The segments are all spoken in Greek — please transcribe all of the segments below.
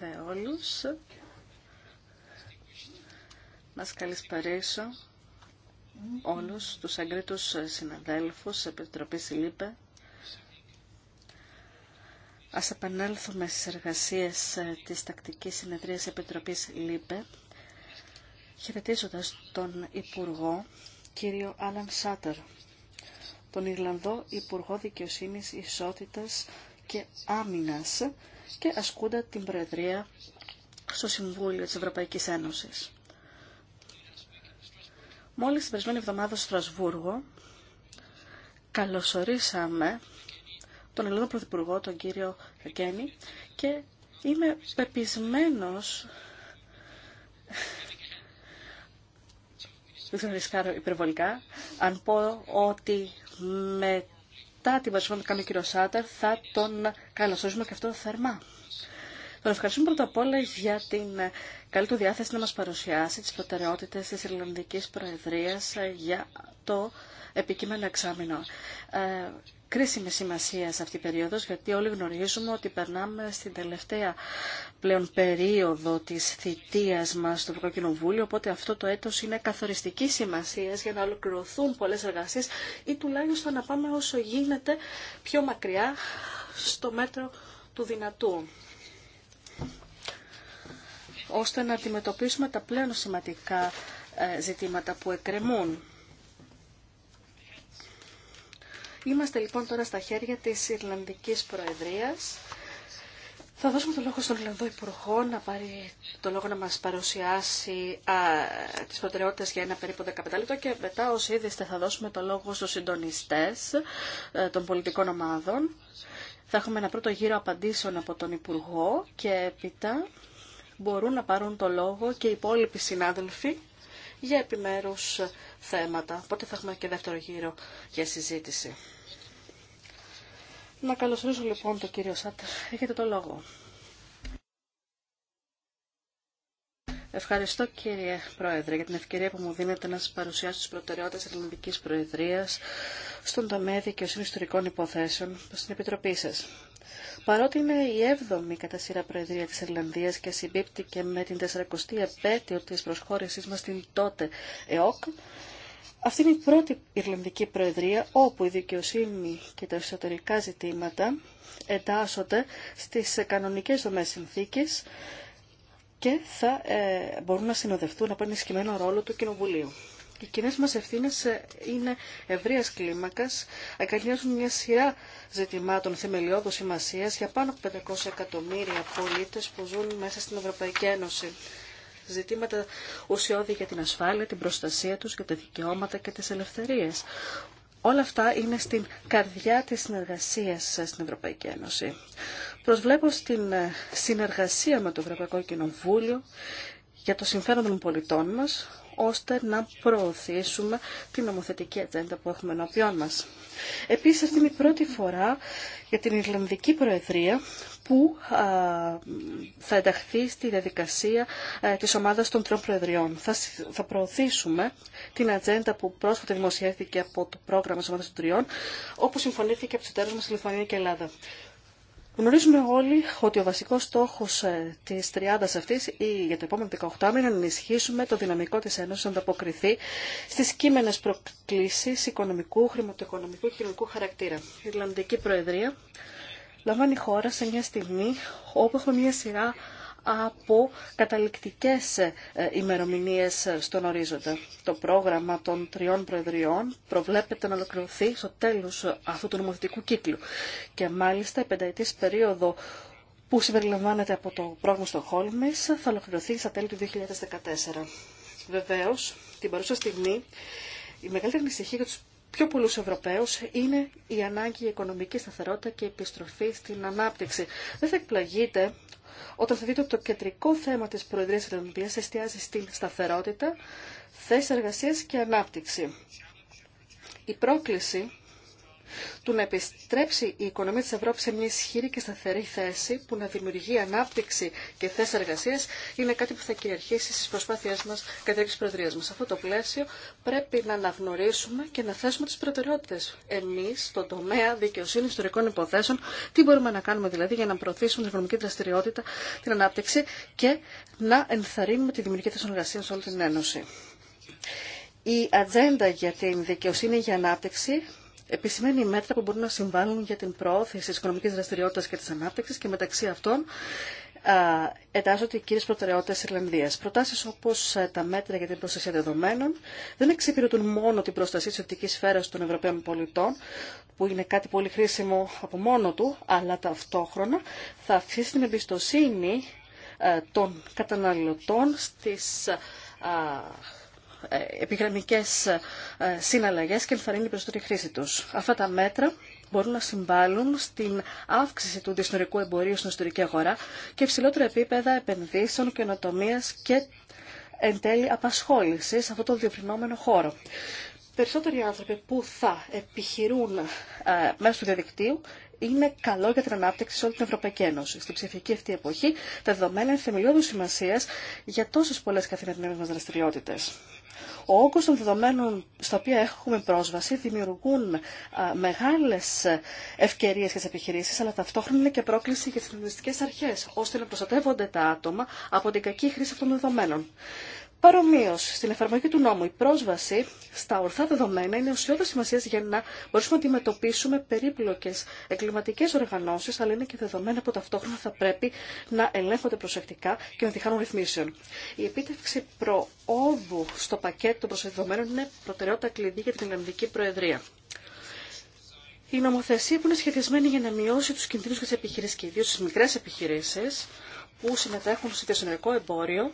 σε όλους. Να σας όλους τους αγκρίτους συναδέλφους της Επιτροπής ΛΥΠΕ. Ας επανέλθουμε στις εργασίες της τακτικής συνεδρίας Επιτροπής ΛΥΠΕ, χαιρετίζοντας τον Υπουργό, κύριο Άλαν Σάτερ, τον Ιρλανδό Υπουργό Δικαιοσύνης Ισότητας και Άμυνας και ασκούντα την Προεδρία στο Συμβούλιο της Ευρωπαϊκής Ένωσης. Μόλις την περισμένη εβδομάδα στο Στρασβούργο καλωσορίσαμε τον Ελληνό Πρωθυπουργό, τον κύριο Γέννη, και είμαι πεπισμένος δεν θέλω να ρισκάρω υπερβολικά, αν πω ότι με μετά την παρουσία που κάνει ο κύριο Σάτερ θα τον καλωσορίσουμε και αυτό θερμά. Τον ευχαριστούμε πρώτα απ' όλα για την καλή του διάθεση να μας παρουσιάσει τις προτεραιότητες της Ιρλανδικής Προεδρίας για το επικείμενα εξάμεινο. Ε, κρίσιμη σημασία σε αυτή την περίοδο, γιατί όλοι γνωρίζουμε ότι περνάμε στην τελευταία πλέον περίοδο τη θητεία μα στο Ευρωκοινοβούλιο. Οπότε αυτό το έτο είναι καθοριστική σημασία για να ολοκληρωθούν πολλέ εργασίε ή τουλάχιστον να πάμε όσο γίνεται πιο μακριά στο μέτρο του δυνατού ώστε να αντιμετωπίσουμε τα πλέον σημαντικά ε, ζητήματα που εκκρεμούν. Είμαστε λοιπόν τώρα στα χέρια της Ιρλανδικής Προεδρίας. Θα δώσουμε το λόγο στον Ιρλανδό Υπουργό να πάρει το λόγο να μας παρουσιάσει α, τις προτεραιότητες για ένα περίπου 15 λεπτό και μετά ως είδηστε θα δώσουμε το λόγο στους συντονιστές ε, των πολιτικών ομάδων. Θα έχουμε ένα πρώτο γύρο απαντήσεων από τον Υπουργό και έπειτα μπορούν να πάρουν το λόγο και οι υπόλοιποι συνάδελφοι για επιμέρους θέματα. Οπότε θα έχουμε και δεύτερο γύρο για συζήτηση. Να καλωσορίσω λοιπόν τον κύριο Σάτερ. Έχετε το λόγο. Ευχαριστώ κύριε Πρόεδρε για την ευκαιρία που μου δίνετε να σας παρουσιάσω τις προτεραιότητες της Ελληνικής Προεδρίας στον τομέα δικαιοσύνη ιστορικών υποθέσεων στην Επιτροπή σας. Παρότι είναι η 7η κατά σειρά Προεδρία της Ιρλανδίας και συμπίπτει και με την 40η επέτειο της προσχώρησής μας στην τότε ΕΟΚ, αυτή είναι η πρώτη Ιρλανδική Προεδρία όπου η δικαιοσύνη και τα εσωτερικά ζητήματα εντάσσονται στις κανονικές δομές συνθήκες και θα ε, μπορούν να συνοδευτούν από ενισχυμένο ρόλο του Κοινοβουλίου. Οι κοινέ μα ευθύνε ε, είναι ευρεία κλίμακα, αγκαλιάζουν μια σειρά ζητημάτων θεμελιώδου σημασία για πάνω από 500 εκατομμύρια πολίτε που ζουν μέσα στην Ευρωπαϊκή Ένωση ζητήματα ουσιώδη για την ασφάλεια, την προστασία τους, για τα δικαιώματα και τις ελευθερίες. Όλα αυτά είναι στην καρδιά της συνεργασίας στην Ευρωπαϊκή Ένωση. Προσβλέπω στην ε, συνεργασία με το Ευρωπαϊκό Κοινοβούλιο για το συμφέρον των πολιτών μας, ώστε να προωθήσουμε την νομοθετική ατζέντα που έχουμε ενώπιόν μας. Επίσης, αυτή είναι η πρώτη φορά για την Ιρλανδική Προεδρία που θα ενταχθεί στη διαδικασία της ομάδας των τριών προεδριών. Θα προωθήσουμε την ατζέντα που πρόσφατα δημοσιεύθηκε από το πρόγραμμα της ομάδας των τριών, όπως συμφωνήθηκε από τους εταίρους μας στη Λιθουανία και Ελλάδα. Γνωρίζουμε όλοι ότι ο βασικό στόχο ε, τη 30 αυτή ή για το επόμενο 18 μήνα είναι να ενισχύσουμε το δυναμικό της Ένωση να ανταποκριθεί στις κείμενε προκλήσεις οικονομικού, χρηματοοικονομικού και κοινωνικού χαρακτήρα. Η Ιρλανδική Προεδρία λαμβάνει χώρα σε μια στιγμή όπου έχουμε μια σειρά από καταληκτικές ε, ημερομηνίες στον ορίζοντα. Το πρόγραμμα των τριών προεδριών προβλέπεται να ολοκληρωθεί στο τέλος αυτού του νομοθετικού κύκλου. Και μάλιστα η πενταετής περίοδο που συμπεριλαμβάνεται από το πρόγραμμα στο Χόλμης θα ολοκληρωθεί στα τέλη του 2014. Βεβαίως, την παρούσα στιγμή η μεγαλύτερη ανησυχία για τους πιο πολλούς Ευρωπαίους είναι η ανάγκη για οικονομική σταθερότητα και επιστροφή στην ανάπτυξη. Δεν θα εκπλαγείτε όταν θα δείτε ότι το κεντρικό θέμα της Προεδρίας Ελληνικής εστιάζει στην σταθερότητα, θέση εργασίας και ανάπτυξη. Η πρόκληση του να επιστρέψει η οικονομία της Ευρώπης σε μια ισχυρή και σταθερή θέση που να δημιουργεί ανάπτυξη και θέσεις εργασία είναι κάτι που θα κυριαρχήσει στις προσπάθειές μας κατά της προεδρίας μας. Σε αυτό το πλαίσιο πρέπει να αναγνωρίσουμε και να θέσουμε τις προτεραιότητες. Εμείς, στον τομέα δικαιοσύνη ιστορικών υποθέσεων, τι μπορούμε να κάνουμε δηλαδή για να προωθήσουμε την οικονομική δραστηριότητα, την ανάπτυξη και να ενθαρρύνουμε τη δημιουργία θέσεων εργασία σε όλη την Ένωση. Η ατζέντα για την δικαιοσύνη για ανάπτυξη επισημαίνει μέτρα που μπορούν να συμβάλλουν για την προώθηση τη οικονομική δραστηριότητα και τη ανάπτυξη και μεταξύ αυτών ετάζονται οι κύριε προτεραιότητε τη Ιρλανδία. Προτάσει όπω ε, τα μέτρα για την προστασία δεδομένων δεν εξυπηρετούν μόνο την προστασία τη οπτική σφαίρα των Ευρωπαίων πολιτών, που είναι κάτι πολύ χρήσιμο από μόνο του, αλλά ταυτόχρονα θα αυξήσει την εμπιστοσύνη ε, των καταναλωτών στις ε, ε, επιγραμμικές ε, συναλλαγές και ενθαρρύνει περισσότερη χρήση τους. Αυτά τα μέτρα μπορούν να συμβάλλουν στην αύξηση του δυσνορικού εμπορίου στην ιστορική αγορά και υψηλότερα επίπεδα επενδύσεων, καινοτομία και εν τέλει απασχόληση σε αυτό το διοπρινόμενο χώρο. Περισσότεροι άνθρωποι που θα επιχειρούν ε, μέσω του διαδικτύου είναι καλό για την ανάπτυξη σε όλη την Ευρωπαϊκή Ένωση. Στην ψηφιακή αυτή εποχή, τα δεδομένα είναι θεμελιώδου σημασία για τόσε πολλέ καθημερινέ μα δραστηριότητε. Ο όγκος των δεδομένων στα οποία έχουμε πρόσβαση δημιουργούν μεγάλες ε, ευκαιρίες για τις επιχειρήσεις, αλλά ταυτόχρονα είναι και πρόκληση για τις νομιστικές αρχές, ώστε να προστατεύονται τα άτομα από την κακή χρήση αυτών των δεδομένων. Παρομοίω, στην εφαρμογή του νόμου, η πρόσβαση στα ορθά δεδομένα είναι ουσιώδη σημασία για να μπορούμε να αντιμετωπίσουμε περίπλοκε εγκληματικέ οργανώσει, αλλά είναι και δεδομένα που ταυτόχρονα θα πρέπει να ελέγχονται προσεκτικά και να διχάνουν ρυθμίσεων. Η επίτευξη προόδου στο πακέτο των δεδομένων είναι προτεραιότητα κλειδί για την ελληνική Προεδρία. Η νομοθεσία που είναι σχεδιασμένη για να μειώσει του κινδύνου για τι επιχειρήσει και ιδίω τι μικρέ επιχειρήσει που συμμετέχουν στο διασυνορικό εμπόριο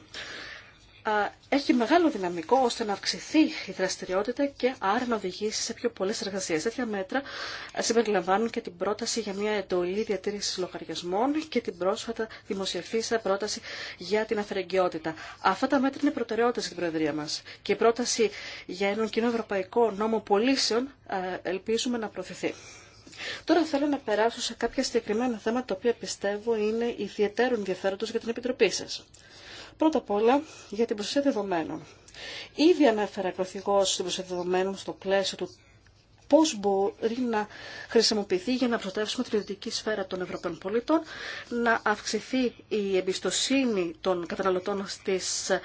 έχει μεγάλο δυναμικό ώστε να αυξηθεί η δραστηριότητα και άρα να οδηγήσει σε πιο πολλές εργασίες. Τέτοια μέτρα συμπεριλαμβάνουν και την πρόταση για μια εντολή διατήρηση λογαριασμών και την πρόσφατα δημοσιευθήσα πρόταση για την αφαιρεγκαιότητα. Αυτά τα μέτρα είναι προτεραιότητα στην Προεδρία μα. και η πρόταση για έναν κοινό ευρωπαϊκό νόμο πωλήσεων ελπίζουμε να προωθηθεί. Τώρα θέλω να περάσω σε κάποια συγκεκριμένα θέματα τα οποία πιστεύω είναι ιδιαίτερο ενδιαφέροντος για την Επιτροπή σας. Πρώτα απ' όλα για την προσέγγιση δεδομένων. Ήδη ανέφερα εκδοθυγώ στην προσέγγιση δεδομένων στο πλαίσιο του πώς μπορεί να χρησιμοποιηθεί για να προστατεύσουμε την ιδιωτική σφαίρα των Ευρωπαίων πολιτών, να αυξηθεί η εμπιστοσύνη των καταναλωτών στις ε,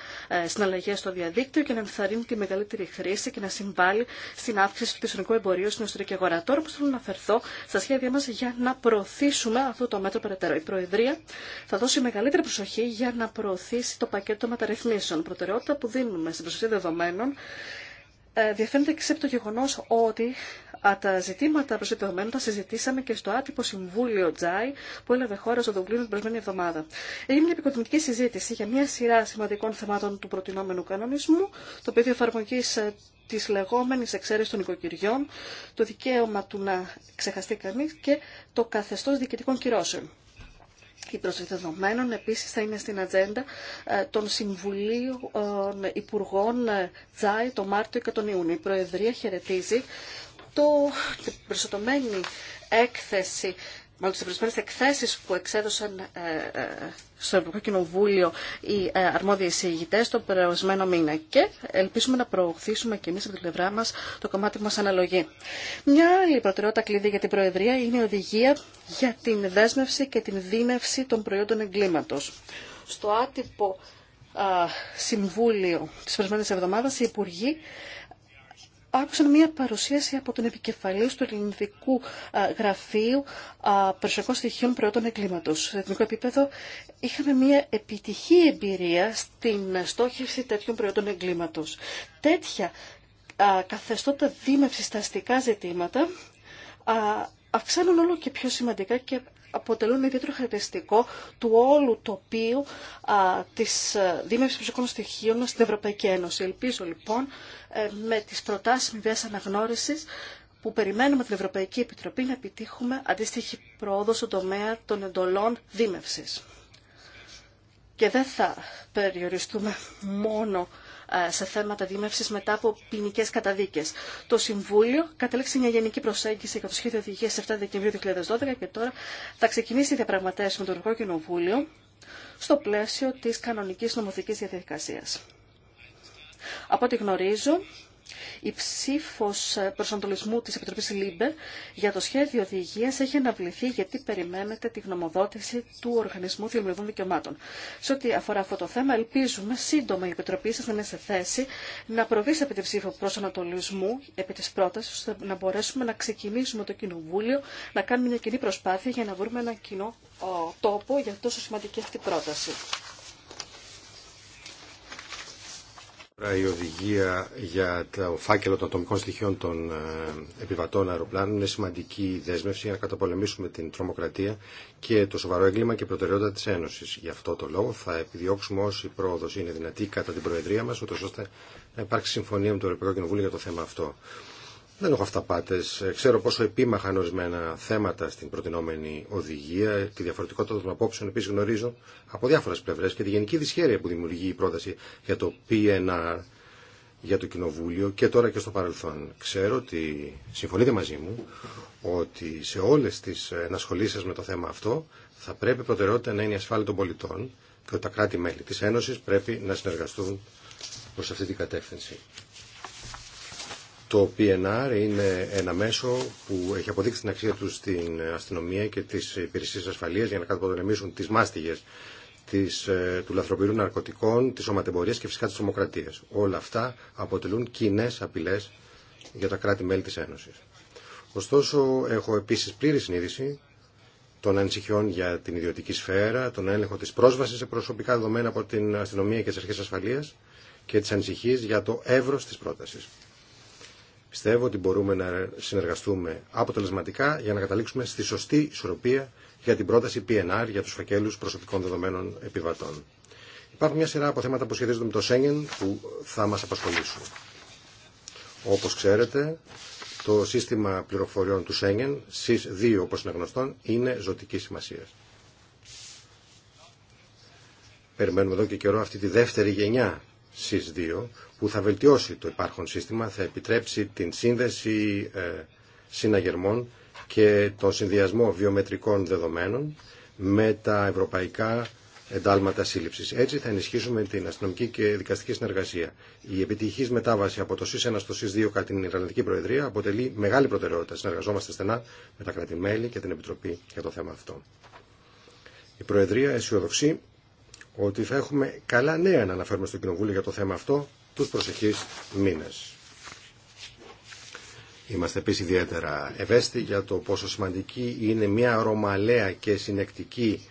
συναλλαγές στο διαδίκτυο και να ενθαρρύνει τη μεγαλύτερη χρήση και να συμβάλλει στην αύξηση του κοινωνικού εμπορίου στην εσωτερική αγορά. Τώρα που θέλω να αναφερθώ στα σχέδια μας για να προωθήσουμε αυτό το μέτρο περαιτέρω. Η Προεδρία θα δώσει μεγαλύτερη προσοχή για να προωθήσει το πακέτο μεταρρυθμίσεων. Προτεραιότητα που δίνουμε στην προσοχή δεδομένων ε, διαφαίνεται και το γεγονό ότι τα ζητήματα προ τα συζητήσαμε και στο άτυπο συμβούλιο Τζάι που έλαβε χώρα στο Δουβλίνο την προηγούμενη εβδομάδα. Έγινε μια επικοδομητική συζήτηση για μια σειρά σημαντικών θεμάτων του προτινόμενου κανονισμού, το πεδίο εφαρμογή ε, τη λεγόμενη εξαίρεση των οικοκυριών, το δικαίωμα του να ξεχαστεί κανεί και το καθεστώ διοικητικών κυρώσεων. Η προσδεδομένων δεδομένων επίσης θα είναι στην ατζέντα ε, των Συμβουλίων ε, Υπουργών ε, Τζάι το Μάρτιο και τον Ιούνιο. Η Προεδρία χαιρετίζει το, την έκθεση μάλλον στις προηγούμενες εκθέσεις που εξέδωσαν ε, ε, στο Ευρωπαϊκό Κοινοβούλιο οι ε, αρμόδιες ηγητές το περασμένο μήνα και ελπίσουμε να προωθήσουμε και εμείς από την πλευρά μας το κομμάτι που μας αναλογεί. Μια άλλη προτεραιότητα κλειδί για την Προεδρία είναι η οδηγία για την δέσμευση και την δίνευση των προϊόντων εγκλήματος. Στο άτυπο Συμβούλιο της προσμένης εβδομάδας οι Υπουργοί άκουσαν μια παρουσίαση από τον επικεφαλής του Ελληνικού Γραφείου Προσωπικών Στοιχείων Προϊόντων εγκλήματο. Σε εθνικό επίπεδο είχαμε μια επιτυχή εμπειρία στην στόχευση τέτοιων προϊόντων εγκλήματο. Τέτοια καθεστώτα δίμευση στα αστικά ζητήματα αυξάνουν όλο και πιο σημαντικά και αποτελούν ιδιαίτερο χαρακτηριστικό του όλου τοπίου α, της ε, δήμευσης προσωπικών στοιχείων στην Ευρωπαϊκή Ένωση. Ελπίζω λοιπόν ε, με τις προτάσεις μηδέας αναγνώρισης που περιμένουμε την Ευρωπαϊκή Επιτροπή να επιτύχουμε αντίστοιχη πρόοδο στον τομέα των εντολών δήμευσης Και δεν θα περιοριστούμε μόνο ε, σε θέματα διήμευσης μετά από ποινικέ καταδίκες. Το Συμβούλιο κατέληξε μια γενική προσέγγιση για το σχέδιο οδηγία 7 Δεκεμβρίου 2012 και τώρα θα ξεκινήσει η διαπραγματεύση με το Ευρωπαϊκό Κοινοβούλιο στο πλαίσιο της κανονικής νομοθετικής διαδικασίας. Από ό,τι γνωρίζω, η ψήφο προσανατολισμού τη Επιτροπή ΛΥΜΠΕ για το σχέδιο οδηγία έχει αναβληθεί γιατί περιμένετε τη γνωμοδότηση του Οργανισμού Θεμελιωδών Δικαιωμάτων. Σε ό,τι αφορά αυτό το θέμα, ελπίζουμε σύντομα η Επιτροπή σα να είναι σε θέση να προβεί σε τη ψήφο προσανατολισμού επί τη πρόταση, ώστε να μπορέσουμε να ξεκινήσουμε το Κοινοβούλιο να κάνουμε μια κοινή προσπάθεια για να βρούμε ένα κοινό τόπο για τόσο σημαντική αυτή πρόταση. Η οδηγία για το φάκελο των ατομικών στοιχείων των ε, επιβατών αεροπλάνων είναι σημαντική δέσμευση για να καταπολεμήσουμε την τρομοκρατία και το σοβαρό έγκλημα και προτεραιότητα τη Ένωση. Γι' αυτό το λόγο θα επιδιώξουμε όση πρόοδο είναι δυνατή κατά την Προεδρία μα, ώστε να υπάρξει συμφωνία με το Ευρωπαϊκό Κοινοβούλιο για το θέμα αυτό. Δεν έχω αυταπάτε. Ξέρω πόσο επίμαχαν ορισμένα θέματα στην προτινόμενη οδηγία. Τη διαφορετικότητα των απόψεων επίση γνωρίζω από διάφορε πλευρέ και τη γενική δυσχέρεια που δημιουργεί η πρόταση για το PNR για το Κοινοβούλιο και τώρα και στο παρελθόν. Ξέρω ότι συμφωνείτε μαζί μου ότι σε όλες τις ενασχολήσει με το θέμα αυτό θα πρέπει προτεραιότητα να είναι η ασφάλεια των πολιτών και ότι τα κράτη-μέλη τη Ένωση πρέπει να συνεργαστούν προ αυτή την κατεύθυνση. Το PNR είναι ένα μέσο που έχει αποδείξει την αξία του στην αστυνομία και τις υπηρεσίες ασφαλείας για να καταπολεμήσουν τις μάστιγες ε, του λαθροπυρού ναρκωτικών, της οματεμπορίας και φυσικά της τρομοκρατίας. Όλα αυτά αποτελούν κοινέ απειλές για τα κράτη-μέλη της Ένωσης. Ωστόσο, έχω επίσης πλήρη συνείδηση των ανησυχιών για την ιδιωτική σφαίρα, τον έλεγχο της πρόσβασης σε προσωπικά δεδομένα από την αστυνομία και τις αρχές ασφαλείας και τις ανησυχίες για το εύρο τη πρόταση. Πιστεύω ότι μπορούμε να συνεργαστούμε αποτελεσματικά για να καταλήξουμε στη σωστή ισορροπία για την πρόταση PNR για τους φακέλους προσωπικών δεδομένων επιβατών. Υπάρχουν μια σειρά από θέματα που σχετίζονται με το Σέγγεν που θα μας απασχολήσουν. Όπως ξέρετε, το σύστημα πληροφοριών του Σέγγεν, SIS-2 όπως είναι γνωστόν, είναι ζωτική σημασία. Περιμένουμε εδώ και καιρό αυτή τη δεύτερη γενιά 2 που θα βελτιώσει το υπάρχον σύστημα, θα επιτρέψει την σύνδεση ε, συναγερμών και τον συνδυασμό βιομετρικών δεδομένων με τα ευρωπαϊκά εντάλματα σύλληψης. Έτσι θα ενισχύσουμε την αστυνομική και δικαστική συνεργασία. Η επιτυχής μετάβαση από το ΣΥΣ1 στο ΣΥΣ2 κατά την Ιρλανδική Προεδρία αποτελεί μεγάλη προτεραιότητα. Συνεργαζόμαστε στενά με τα κρατημέλη και την Επιτροπή για το θέμα αυτό. Η Προεδρία αισιοδοξεί ότι θα έχουμε καλά νέα να αναφέρουμε στο Κοινοβούλιο για το θέμα αυτό τους προσεχείς μήνες. Είμαστε επίσης ιδιαίτερα ευαίσθητοι για το πόσο σημαντική είναι μια ρωμαλαία και συνεκτική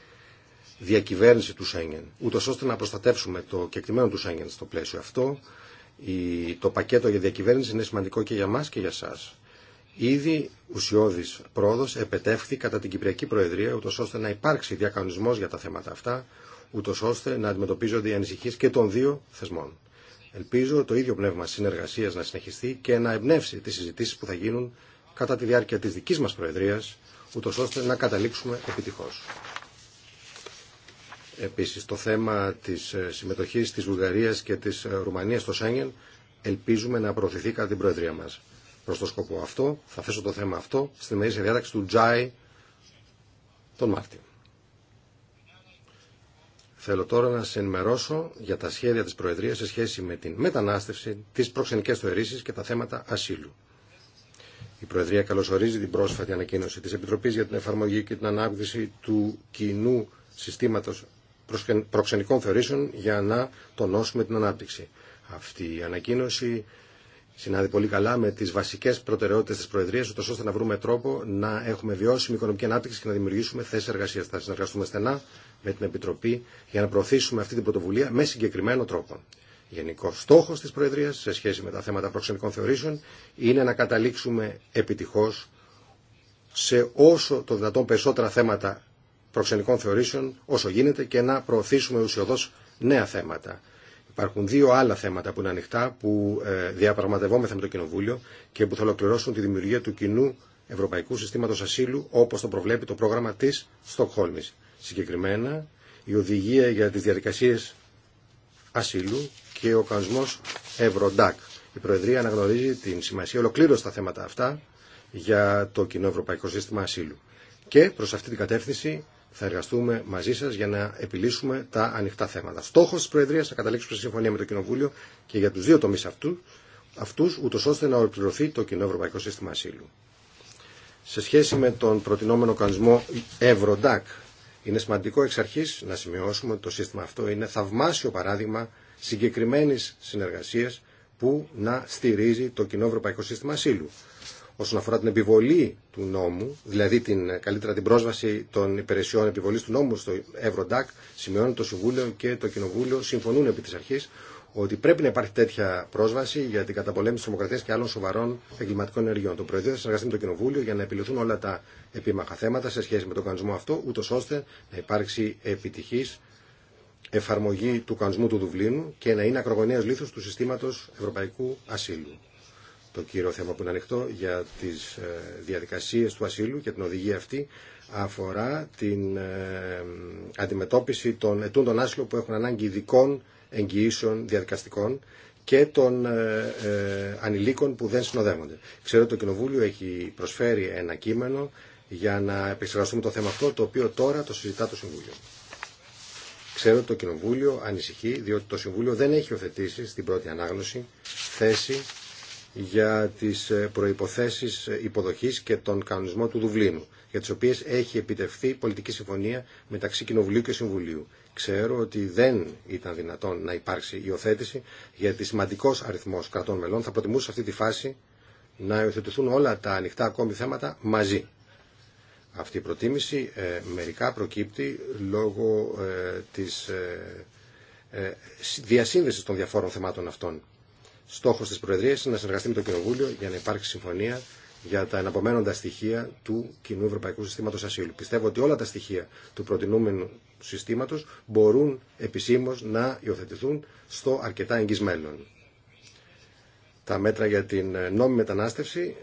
διακυβέρνηση του Σέγγεν, ούτω ώστε να προστατεύσουμε το κεκτημένο του Σέγγεν στο πλαίσιο αυτό. Το πακέτο για διακυβέρνηση είναι σημαντικό και για μας και για εσά. Ήδη ουσιώδη πρόοδο επετεύχθη κατά την Κυπριακή Προεδρία, ούτω ώστε να υπάρξει διακανονισμό για τα θέματα αυτά, ούτω ώστε να αντιμετωπίζονται οι ανησυχίε και των δύο θεσμών. Ελπίζω το ίδιο πνεύμα συνεργασία να συνεχιστεί και να εμπνεύσει τι συζητήσει που θα γίνουν κατά τη διάρκεια τη δική μα Προεδρία, ούτω ώστε να καταλήξουμε επιτυχώ. Επίση, το θέμα τη ε, συμμετοχή τη Βουλγαρία και τη ε, Ρουμανία στο Σέγγεν ελπίζουμε να προωθηθεί κατά την Προεδρία μα. Προ το σκοπό αυτό, θα θέσω το θέμα αυτό στη μερίσια διάταξη του Τζάι τον Μάρτιο. Θέλω τώρα να σα ενημερώσω για τα σχέδια της Προεδρίας σε σχέση με την μετανάστευση, τις προξενικέ θεωρήσει και τα θέματα ασύλου. Η Προεδρία καλωσορίζει την πρόσφατη ανακοίνωση της Επιτροπής για την εφαρμογή και την ανάπτυξη του κοινού συστήματος προξενικών θεωρήσεων για να τονώσουμε την ανάπτυξη. Αυτή η ανακοίνωση συνάδει πολύ καλά με τι βασικέ προτεραιότητε τη Προεδρία, ούτω ώστε να βρούμε τρόπο να έχουμε βιώσιμη οικονομική ανάπτυξη και να δημιουργήσουμε θέσει εργασία. Θα συνεργαστούμε στενά με την Επιτροπή για να προωθήσουμε αυτή την πρωτοβουλία με συγκεκριμένο τρόπο. Γενικό στόχο τη Προεδρία σε σχέση με τα θέματα προξενικών θεωρήσεων είναι να καταλήξουμε επιτυχώ σε όσο το δυνατόν περισσότερα θέματα προξενικών θεωρήσεων όσο γίνεται και να προωθήσουμε ουσιοδός νέα θέματα. Υπάρχουν δύο άλλα θέματα που είναι ανοιχτά, που ε, διαπραγματευόμεθα με το Κοινοβούλιο και που θα ολοκληρώσουν τη δημιουργία του κοινού Ευρωπαϊκού Συστήματο Ασύλου, όπω το προβλέπει το πρόγραμμα τη Στοκχόλμη. Συγκεκριμένα, η οδηγία για τι διαδικασίε ασύλου και ο κανονισμό Ευρωντάκ. Η Προεδρία αναγνωρίζει την σημασία ολοκλήρωση στα θέματα αυτά για το κοινό Ευρωπαϊκό Σύστημα Ασύλου. Και προ αυτή την κατεύθυνση θα εργαστούμε μαζί σα για να επιλύσουμε τα ανοιχτά θέματα. Στόχο τη Προεδρία θα καταλήξουμε σε συμφωνία με το Κοινοβούλιο και για του δύο τομεί αυτού, ούτω ώστε να ολοκληρωθεί το κοινό ευρωπαϊκό σύστημα ασύλου. Σε σχέση με τον προτινόμενο κανονισμό Eurodac, είναι σημαντικό εξ αρχή να σημειώσουμε ότι το σύστημα αυτό είναι θαυμάσιο παράδειγμα συγκεκριμένη συνεργασία που να στηρίζει το κοινό ευρωπαϊκό σύστημα ασύλου όσον αφορά την επιβολή του νόμου, δηλαδή την, καλύτερα την πρόσβαση των υπηρεσιών επιβολή του νόμου στο ΕυρωΝΤΑΚ, σημειώνουν το Συμβούλιο και το Κοινοβούλιο συμφωνούν επί τη αρχής ότι πρέπει να υπάρχει τέτοια πρόσβαση για την καταπολέμηση τη τρομοκρατία και άλλων σοβαρών εγκληματικών ενεργειών. Το Προεδρείο θα συνεργαστεί με το Κοινοβούλιο για να επιληθούν όλα τα επίμαχα θέματα σε σχέση με τον κανονισμό αυτό, ούτω ώστε να υπάρξει επιτυχή εφαρμογή του κανονισμού του Δουβλίνου και να είναι ακρογωνία λήθο του συστήματο ευρωπαϊκού ασύλου το κύριο θέμα που είναι ανοιχτό για τις ε, διαδικασίες του ασύλου και την οδηγία αυτή αφορά την ε, αντιμετώπιση των ετούντων άσυλων που έχουν ανάγκη ειδικών εγγυήσεων διαδικαστικών και των ε, ανηλίκων που δεν συνοδεύονται. Ξέρω ότι το Κοινοβούλιο έχει προσφέρει ένα κείμενο για να επεξεργαστούμε το θέμα αυτό, το οποίο τώρα το συζητά το Συμβούλιο. Ξέρω ότι το Κοινοβούλιο ανησυχεί, διότι το Συμβούλιο δεν έχει οθετήσει στην πρώτη ανάγνωση θέση για τις ε, προϋποθέσεις ε, υποδοχής και τον κανονισμό του Δουβλίνου, για τις οποίες έχει επιτευχθεί πολιτική συμφωνία μεταξύ Κοινοβουλίου και Συμβουλίου. Ξέρω ότι δεν ήταν δυνατόν να υπάρξει υιοθέτηση, γιατί σημαντικός αριθμός κρατών μελών θα προτιμούσε αυτή τη φάση να υιοθετηθούν όλα τα ανοιχτά ακόμη θέματα μαζί. Αυτή η προτίμηση ε, μερικά προκύπτει λόγω ε, της διασύνδεσης των διαφόρων θεμάτων αυτών. Στόχος της Προεδρίας είναι να συνεργαστεί με το Κοινοβούλιο για να υπάρξει συμφωνία για τα εναπομένοντα στοιχεία του κοινού ευρωπαϊκού συστήματος ασύλου. Πιστεύω ότι όλα τα στοιχεία του προτινούμενου συστήματος μπορούν επισήμω να υιοθετηθούν στο αρκετά εγγυσμένο. Τα μέτρα για την νόμιμη μετανάστευση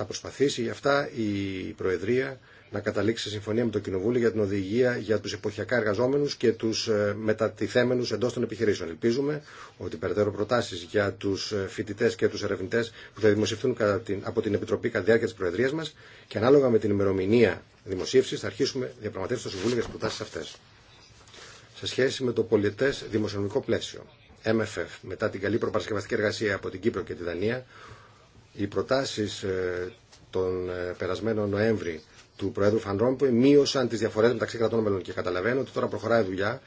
θα προσπαθήσει γι' αυτά η Προεδρία να καταλήξει σε συμφωνία με το Κοινοβούλιο για την οδηγία για του εποχιακά εργαζόμενου και του ε, μετατιθέμενου εντό των επιχειρήσεων. Ελπίζουμε ότι περαιτέρω προτάσει για του ε, φοιτητέ και του ερευνητέ που θα δημοσιευθούν από την Επιτροπή κατά τη διάρκεια τη Προεδρία μα και ανάλογα με την ημερομηνία δημοσίευση θα αρχίσουμε διαπραγματεύσει στο Συμβούλιο για τι προτάσει αυτέ. Σε σχέση με το πολιτέ δημοσιονομικό πλαίσιο, MFF, μετά την καλή προπαρασκευαστική εργασία από την Κύπρο και τη Δανία, οι προτάσεις ε, τον ε, περασμένο Νοέμβρη του Προέδρου Φαν μείωσαν τις διαφορές μεταξύ κρατών μελών και καταλαβαίνω ότι τώρα προχωράει δουλειά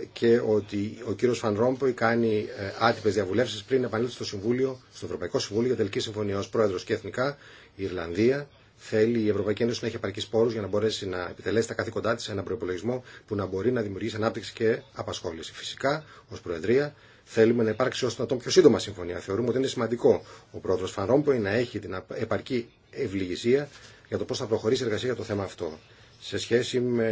ε, και ότι ο κύριος Φαν κάνει άτυπες διαβουλεύσεις πριν επανέλθει στο Συμβούλιο, στο Ευρωπαϊκό Συμβούλιο για τελική συμφωνία ως πρόεδρος και εθνικά η Ιρλανδία θέλει η Ευρωπαϊκή Ένωση να έχει επαρκεί πόρου για να μπορέσει να επιτελέσει τα καθήκοντά τη σε έναν προπολογισμό που να μπορεί να δημιουργήσει ανάπτυξη και απασχόληση. Φυσικά, ω Προεδρία, Θέλουμε να υπάρξει ώστε να το πιο σύντομα συμφωνία. Θεωρούμε ότι είναι σημαντικό ο πρόεδρο Φανρόμπο να έχει την επαρκή ευληγησία για το πώ θα προχωρήσει η εργασία για το θέμα αυτό. Σε σχέση με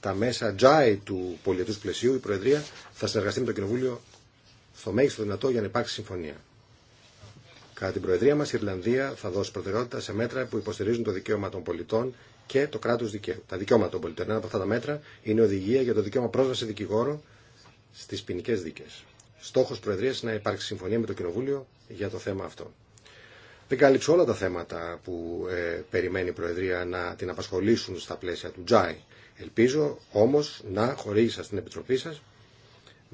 τα μέσα τζάι του πολιτού πλαισίου, η Προεδρία θα συνεργαστεί με το Κοινοβούλιο στο μέγιστο δυνατό για να υπάρξει συμφωνία. Κατά την Προεδρία μα, η Ιρλανδία θα δώσει προτεραιότητα σε μέτρα που υποστηρίζουν το δικαίωμα των πολιτών και το κράτο δικαίου. Τα δικαιώματα των πολιτών. Ένα από αυτά τα μέτρα είναι η οδηγία για το δικαίωμα πρόσβαση δικηγόρο στι ποινικέ δίκες. Στόχο Προεδρίας είναι να υπάρξει συμφωνία με το Κοινοβούλιο για το θέμα αυτό. Δεν κάλυψε όλα τα θέματα που ε, περιμένει η Προεδρία να την απασχολήσουν στα πλαίσια του Τζάι. Ελπίζω όμω να χορήγησα στην Επιτροπή σα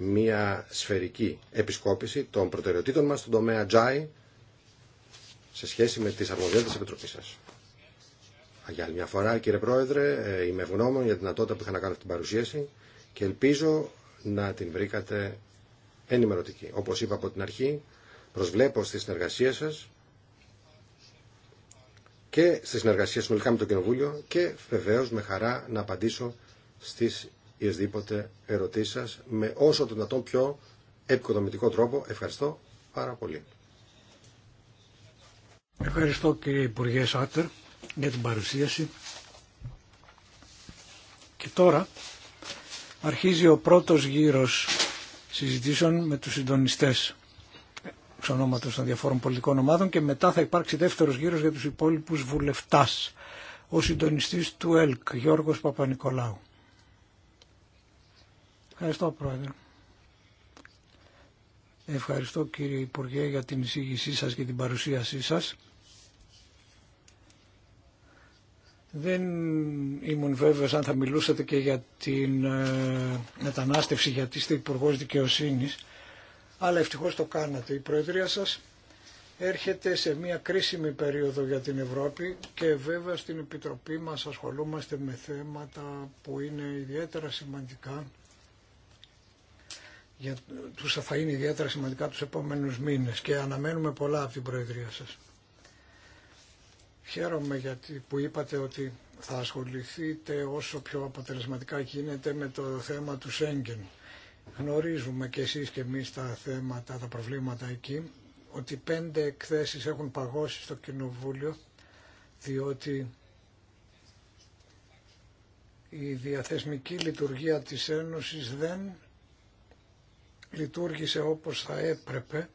μια σφαιρική επισκόπηση των προτεραιοτήτων μα στον τομέα Τζάι σε σχέση με τι αρμοδιότητες τη Επιτροπή σα. Για άλλη μια φορά, κύριε Πρόεδρε, ε, είμαι ευγνώμων για τη δυνατότητα που είχα να κάνω αυτή την παρουσίαση και ελπίζω να την βρήκατε ενημερωτική. Όπως είπα από την αρχή, προσβλέπω στη συνεργασία σας και στη συνεργασία συνολικά με το Κοινοβούλιο και βεβαίω με χαρά να απαντήσω στις ιεσδήποτε ερωτήσεις σας με όσο το δυνατόν πιο επικοδομητικό τρόπο. Ευχαριστώ πάρα πολύ. Ευχαριστώ κύριε Υπουργέ Σάτερ για την παρουσίαση. Και τώρα Αρχίζει ο πρώτος γύρος συζητήσεων με τους συντονιστές εξ των διαφόρων πολιτικών ομάδων και μετά θα υπάρξει δεύτερος γύρος για τους υπόλοιπους βουλευτάς. Ο συντονιστής του ΕΛΚ, Γιώργος Παπα-Νικολάου. Ευχαριστώ Πρόεδρε. Ευχαριστώ κύριε Υπουργέ για την εισήγησή σας και την παρουσίασή σας. Δεν ήμουν βέβαιος αν θα μιλούσατε και για την ε, μετανάστευση γιατί είστε υπουργό δικαιοσύνη, αλλά ευτυχώς το κάνατε. Η Προεδρία σας έρχεται σε μια κρίσιμη περίοδο για την Ευρώπη και βέβαια στην Επιτροπή μας ασχολούμαστε με θέματα που είναι ιδιαίτερα σημαντικά για, τους θα είναι ιδιαίτερα σημαντικά τους επόμενους μήνες και αναμένουμε πολλά από την Προεδρία σας. Χαίρομαι γιατί που είπατε ότι θα ασχοληθείτε όσο πιο αποτελεσματικά γίνεται με το θέμα του Σέγγεν. Γνωρίζουμε και εσείς και εμείς τα θέματα, τα προβλήματα εκεί, ότι πέντε εκθέσεις έχουν παγώσει στο Κοινοβούλιο, διότι η διαθεσμική λειτουργία της Ένωσης δεν λειτουργήσε όπως θα έπρεπε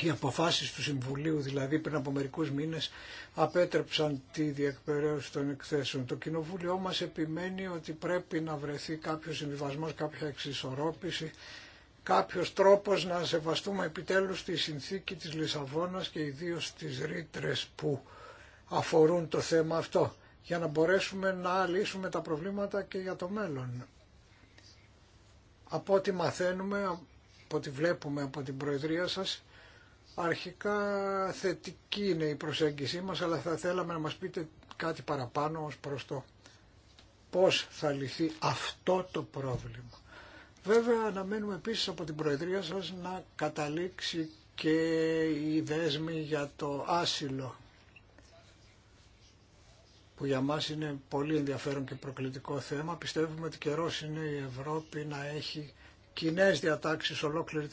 οι αποφάσεις του Συμβουλίου δηλαδή πριν από μερικούς μήνες απέτρεψαν τη διεκπαιρέωση των εκθέσεων. Το Κοινοβούλιο μας επιμένει ότι πρέπει να βρεθεί κάποιο συμβιβασμός, κάποια εξισορρόπηση, κάποιος τρόπος να σεβαστούμε επιτέλους τη συνθήκη της Λισαβόνας και ιδίως τις ρήτρε που αφορούν το θέμα αυτό για να μπορέσουμε να λύσουμε τα προβλήματα και για το μέλλον. Από ό,τι μαθαίνουμε, από ό,τι βλέπουμε από την Προεδρία σας, Αρχικά θετική είναι η προσέγγιση μας, αλλά θα θέλαμε να μας πείτε κάτι παραπάνω ως προς το πώς θα λυθεί αυτό το πρόβλημα. Βέβαια αναμένουμε επίσης από την Προεδρία σας να καταλήξει και η δέσμη για το άσυλο που για μας είναι πολύ ενδιαφέρον και προκλητικό θέμα. Πιστεύουμε ότι καιρός είναι η Ευρώπη να έχει κοινέ διατάξεις ολόκληρη